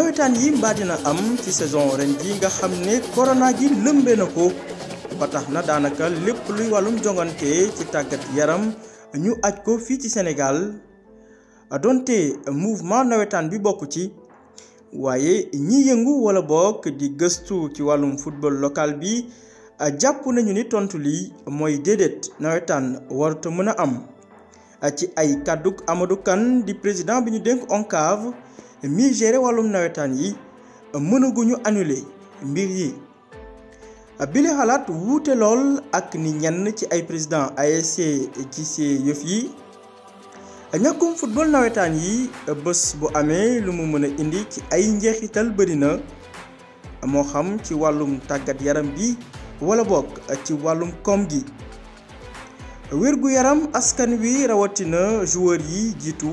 nawetaan yi mbaa dina am ci saison ren ji nga xam ne corona gi lëmbee na ko ba tax na daanaka lépp luy wàllum jongante ci tàggat yaram ñu aj ko fii ci senegal donte mouvement nawetaan bi bokk ci waaye ñi yëngu wala bokk di gëstu ci wàllum football local bi jàpp nañu ni tontu lii mooy déedéet nawetaan warut a mën a am ci ay kàdduk Amadou kan di président bi ñu dénk ONCAV mi géré wàllum nawetaan yi mënaguñu anule mbir yi bi li xalaat wuute lool ak ni ñenn ci ay président ASC ci see yëf yi ñàkkum football nawetaan yi bés bu amee lu mu mën a indi ci ay njeexital bëri na moo xam ci wàllum tàggat yaram bi wala bokk ci wàllum koom gi wér gu yaram askan wi rawatina joueur yi jiitu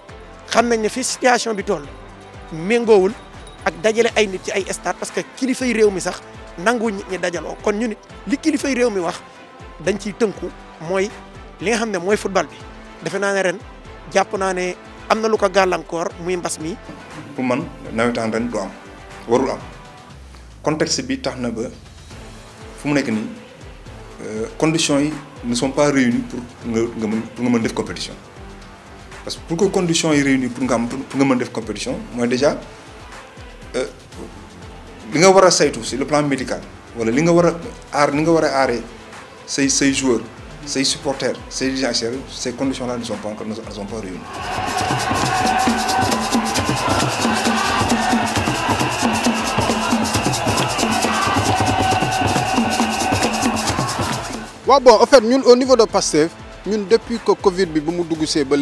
xam nañ ne fi situation bi toll méngoowul ak dajale ay nit ci ay stade parce que kilifay réew mi sax nangu nit ñi dajaloo kon ñu nit li kilifay réew mi wax dañ ciy tënku mooy li nga xam ne mooy football bi defe naa ne ren jàpp naa ne am na lu ko gàllankoor muy mbas mi. pour man nawetaan ren du am warul am contexte bi tax na ba fu mu nekk nii euh, conditions yi ne sont pas réunies pour nga nga mën pour nga mën def compétition. parce que pour que conditions soient réunies pour nga pour nga la compétition moi déjà euh, li nga wara a saytu c'est le plan médical wala li nga wara ar ni nga wara a ces ces joueurs ces supporters ces dirigeants ces conditions là ne sont pas encore ne sont pas réunies. Wa bon en fait au niveau de Pastef ñun depuis que Covid bi a mu dugg ba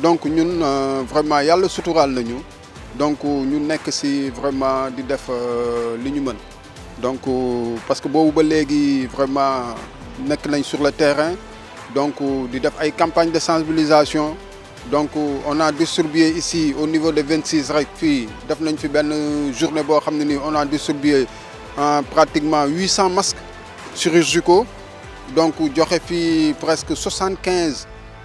donc ñun euh, vraiment le sutural nous donc nous nekk vraiment di def euh, donc euh, parce que nous ba vraiment sur le terrain donc di def ay campagne de sensibilisation donc on a distribué ici au niveau des 26 rek def journée on a distribué pratiquement 800 masques sur chirurgicaux donc joxé fi presque 75.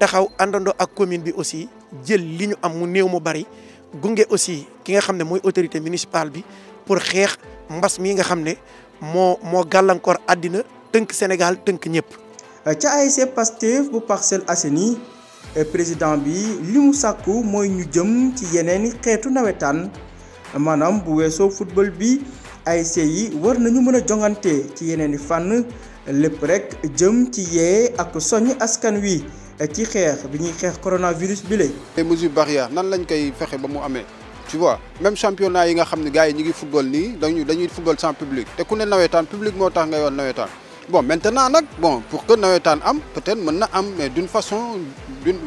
taxaw àndandoo ak commune bi aussi jël li ñu am mu néew mu bari gunge aussi ki nga xam ne mooy autorité municipale bi pour xeex mbas mi nga xam ne moo moo gàllankoor àddina tënk Sénégal tënk ñëpp. ca ASC Pastef bu Parcelles Assainies eh, président bi li mu sàkku mooy ñu jëm ci yeneen xeetu nawetaan maanaam bu weesoo football bi ASC yi war nañu mën a jongante ci yeneen i fànn lépp rek jëm ci yee ak soññ askan wi. ci xeex bi ñuy coronavirus bi les mesures barrières nan lañ koy fexé ba mu amé tu vois même championnat yi nga xam gaay gars ngi football ni dañu dañuy football sans public té ku ne nawétan public mo tax nga woon nawétan bon maintenant nak bon pour que nawétan am peut-être mën am mais d'une façon d'une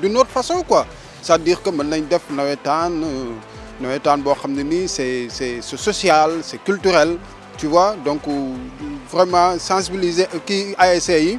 d'une autre façon quoi c'est-à-dire que mën lañ def nawétan euh, nawétan bo xam ni c'est c'est social c'est culturel tu vois donc euh, vraiment sensibiliser qui euh, ASC e yi.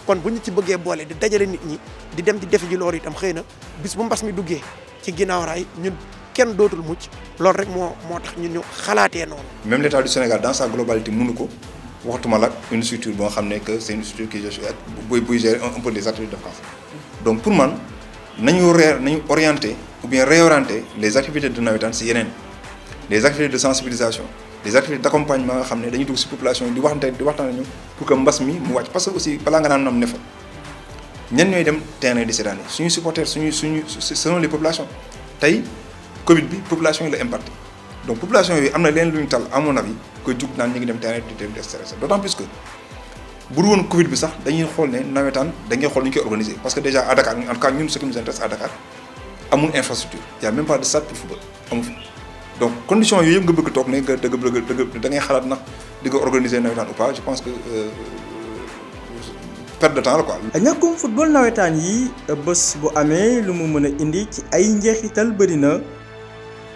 kon bu ci bëggé bolé di dajalé nit ñi di dem di defe ji loolu itam xeyna bis bu mbass mi duggé ci ginaaw raay ñun kenn dootul mucc lool rek moo moo tax ñun ñu xalaatee non même l'état du Sénégal dans sa globalité mënu ko waxtuma la une structure bo xamné que c'est une structure qui gère buy buy gérer un peu les activités de France donc pour man nañu ré nañu orienter ou bien réorienter les activités de nawetaan si yeneen les activités de sensibilisation des activités d'accompagnement nga xam dañuy dugg ci population yi di waxante di waxtaan pour que mbass mi mu wacc parce que aussi balaa nga naan nefa ñen ñoy dem terrain di seetaan suñu supporters suñu suñu selon les populations tay Covid bi population la impacté donc population yooyu amna na leen lu tal à mon avis que jug naan ñu ngi dem terrain di dem d'autant stressé plus que bu dul Covid bi sax dañuy xool ne nawetaan dañuy xol ñu koy organisé parce que déjà à Dakar en tout cas ñun ce qui nous intéresse à Dakar amul infrastructure il y' a même pas de stade pour football amu donc condition yooyu yëpp nga bëgg toog ne nga dëgg bëgg da ngay xalaat ndax di nga organiser nawetaan ou pas je pense que euh, perte de temps la quoi. ñàkkum football nawetaan yi bés bu amee lu mu mën a indi ci ay njeexital bëri na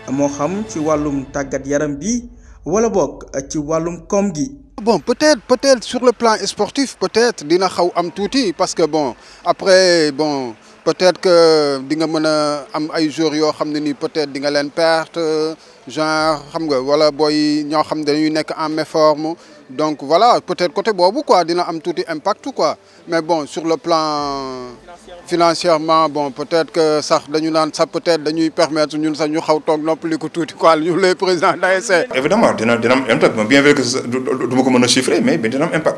moo xam ci wàllum tàggat yaram bi wala bokk ci wàllum kom gi. bon peut-être peut-être sur le plan sportif peut-être dina xaw am tuuti parce que bon après bon peut-être que di nga mën a am ay jours yoo xam peut-être di nga leen perte genre xam nga wala booy ñoo xam ne dañuy nekk en méforme donc voilà peut-être côté boobu quoi dina am tuuti impact quoi mais bon sur le plan financièrement bon peut-être que sax dañu naan sax peut-être dañuy permettre ñun sax ñu xaw toog noppali ko tout quoi ñu lay président d'ASC. évidemment dina dina am impact bien vu que du ma ko mën a chiffrer mais dina am impact.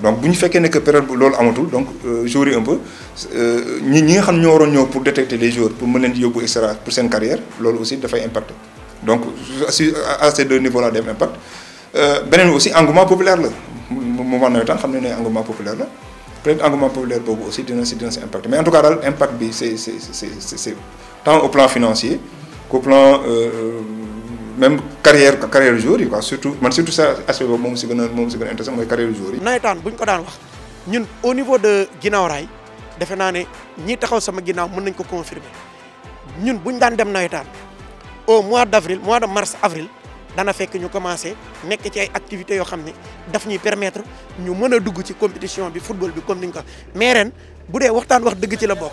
donc buñu ñu fekkee ne que période bu loolu amatul donc euh, joueurs un peu euh, ñi ñi nga xam ñoo waroon ñëw pour détecter les joueurs pour mën leen di yóbbu et cetera pour seen carrière loolu aussi dafay impacter donc si à ces deux niveaux là day impact. Euh, beneen aussi engouement populaire la moment nawetaan xam ne ne engouement populaire la peut-être engouement populaire boobu aussi dina si dina si impacter mais en tout cas daal impact bi c'est c'est c'est c'est tant au plan financier qu'au plan. même carrière carrière joueur yi quoi surtout man surtout ça aspect boobu moom si gën a moom si gën a intéressant mooy carrière joueur yi. nawetaan bu ñu ko daan wax ñun au niveau de ginnaaw raay defe naa ñi taxaw sama ginnaaw mën nañ ko confirmer ñun bu ñu daan dem nawetaan au mois d' avril mois de mars avril dana fekk ñu commencé nekk ci ay activités yoo xam ne daf ñuy permettre ñu mën dugg ci compétition bi football bi comme ni ñu ko mais ren bu waxtaan wax dëgg ci la bokk.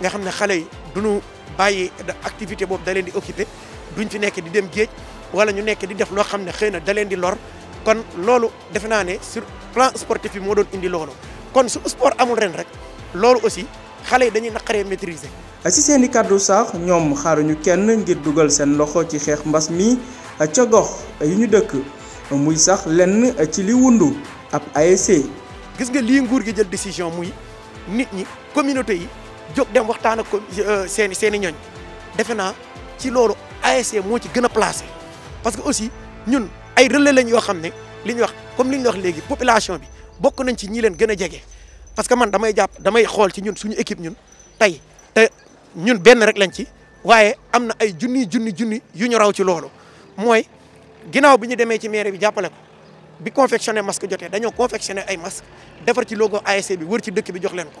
nga xam ne xale yi du duñu bàyyi activité boobu da leen di occupé duñ fi nekk di dem géej wala ñu nekk di def loo xam ne xëy na da leen di lor kon loolu defe naa ne sur plan sportif bi moo doon indi loolu kon su sport amul ren rek loolu aussi xale yi dañuy naqaree maîtriser. ci seen i kàddu sax ñoom xaar ñu kenn ngir dugal seen loxo ci xeex mbas mi ca gox yu ñu dëkk muy sax lenn ci li wundu ab ASC. gis nga lii nguur gi jël décision muy nit ñi communauté yi. jóg dem waxtaan ak ko euh, seen i seen ñooñ defe naa ci loolu ASC moo ci gën a placé parce que aussi ñun ay relais lañ yoo xam ne li ñu wax comme li ñu wax léegi population bi bokk nañ ci ñi leen gën a jege parce que man damay jàpp damay xool ci ñun suñu équipe ñun tey te ñun benn rek lañ ci waaye am na ay junni junni junni yu ñu raw ci loolu mooy ginnaaw bi ñu demee ci mairie bi jàppale ko bi confectionné masque jotee dañoo confectionné ay masque defar ci logo ASC bi wër ci dëkk bi jox leen ko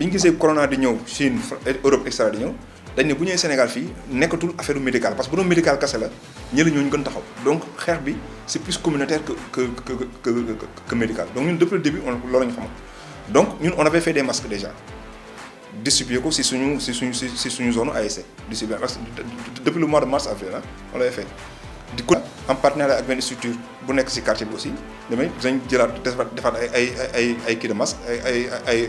bi ñu gisee corona di ñëw Chine Europe extra di ñëw dañ ne bu ñëwee Sénégal fii nekkatul affaire u médical parce que bu doon médical kase la ñëli ñooñu gën taxaw donc xeex bi c' est plus communautaire que que que que que médical donc ñun depuis le début on loolu la ñu donc ñun on avait fait des masques déjà distribuer ko si suñu si suñu si suñu zone ASC distribué parce que depuis le mois de mars avril ah hein, on l'avait fait di ko en partenariat ak benn structure bu nekk si quartier bi aussi damay dañ jëlaat defaat ay ay ay ay kii de masque ay ay ay.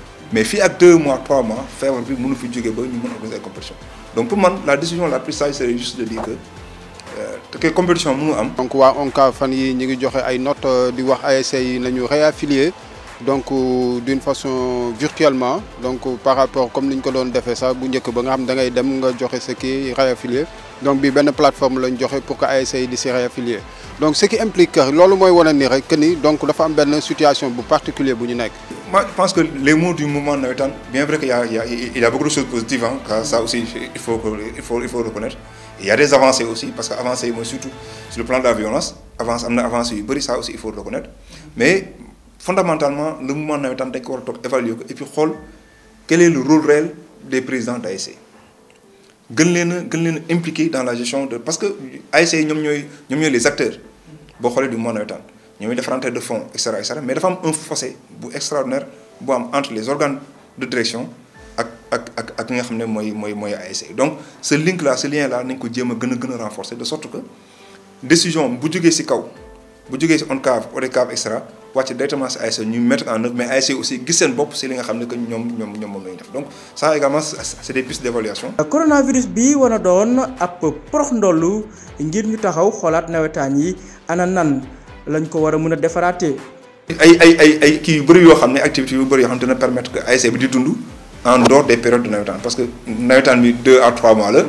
mais fi ak 2 mois 3 mois feebar bi mënu fi jóge ba ñu mëna organiser ay compétition donc pour man la décision la plus sage c'est juste de dire que euh que compétition mënu am. donc waa ONCAV fan yi ñi ngi joxé ay note euh, di wax ASA yi nañu réaffilier donc euh, d'une façon virtuellement donc euh, par rapport comme niñ ko doon défé ça bu njëkk ba nga xam da ngay dem nga joxé ce qui réaffilier donc bi ben plateforme lañ joxé pour que ASA yi di si réaffilier donc ce qui implique que loolu mooy wane ni rek que ni donc dafa am ben situation bu particulier bu ñu nekk je pense que les mots du moment navétane, bien vrai qu'il y, a beaucoup de choses positives, hein, ça aussi, il faut, il reconnaître. il y a des avancées aussi, parce qu'avancées, surtout sur le plan de la violence, avance, avancée, ça aussi, il faut reconnaître. Mais fondamentalement, le mouvement navétane, d'accord, évaluer, et puis, quel est le rôle réel des présidents d'AEC. gën dans la gestion de parce que ASC nous les acteurs pour du mouvement il y a de mais un fossé extraordinaire entre les organes de direction ak ak ak ak nga donc ce là ce lien là ko a renforcer de sorte que décision bu mettre en œuvre mais aussi donc ça également c'est des pistes d'évaluation. coronavirus bi a ndollu lañ ko war a mën a defaraatee. ay ay ay ay kii yu bëri yoo xam ne activité yu bëri yoo xam dina permettre que ASC bi di dund en dehors des périodes de nawetaan parce que nawetaan bi deux à trois mois la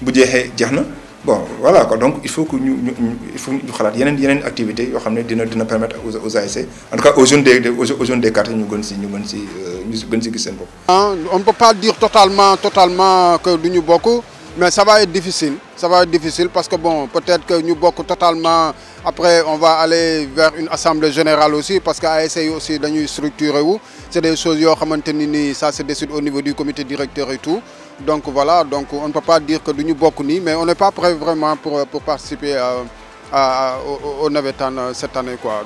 bu jeexee jeex na bon voilà quoi donc il faut que ñu ñu il faut ñu xalaat yeneen yeneen activité yoo xam ne dina dina permettre aux aux ASC en tout cas aux jeunes des aux jeunes des quartiers ñu gën si ñu gën si euh, ñu gën si gis seen bopp. Ah, on ne peut pas dire totalement totalement que duñu bokk. Mais ça va être difficile, ça va être difficile parce que bon, peut-être que nous beaucoup totalement, après on va aller vers une assemblée générale aussi parce qu'à essayer aussi de nous structurer où, c'est des choses qui ça se décide au niveau du comité directeur et tout. Donc voilà, donc on ne peut pas dire que nous beaucoup ni, mais on n'est pas prêt vraiment pour, participer à, à, au, au euh, cette année quoi.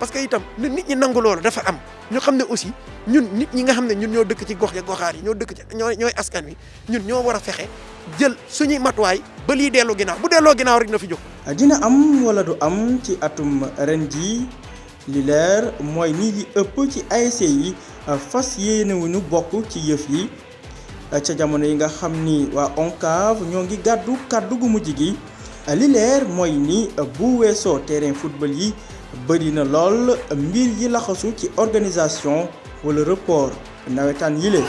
parce que itam ne nit ñi nangu loolu dafa am ñu xam ne aussi ñun nit ñi nga xam ne ñun ñoo dëkk ci gox ya goxaar yi ñoo dëkk ci ñoo askan wi ñun ñoo war a jël ba bu rek na fi ah, dina am wala du am ci atum ren jii li leer mooy nii li ëpp ci ASC yi ah, fas yéenewuñu bokk ci yëf yi ah, ca jamono yi nga xam ni waa ñoo ngi gàddu kàddu gu mujj gi li leer mooy ni bu terrain football yi. bëri na lol mbir yi laxasu ci organisation wala report nawetaan yile